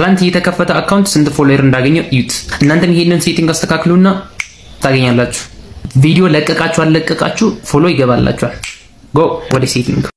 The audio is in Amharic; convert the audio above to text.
ትላንት የተከፈተ አካውንት ስንት ፎሎየር እንዳገኘ እዩት። እናንተም ይሄንን ሴቲንግ አስተካክሉና ታገኛላችሁ። ቪዲዮ ለቀቃችሁ አለቀቃችሁ ፎሎ ይገባላችኋል። ጎ ወደ ሴቲንግ